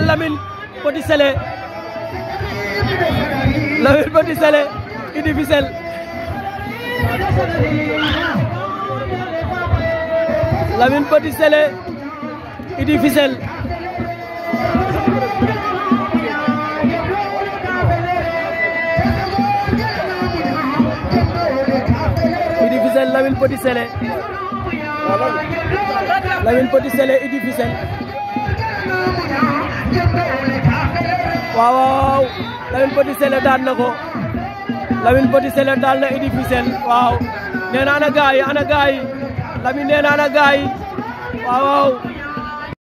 La ville potiselle la ville potisée est difficile La ville Poti Cellé difficile est difficile la ville pour du scellé la mine potissée difficile waaw waaw Lamine daan na ko Lamine Petit Sélé daan na Idy Fissel waaw nee na ana gaay ana gaay Lamine nee na ana gaay waaw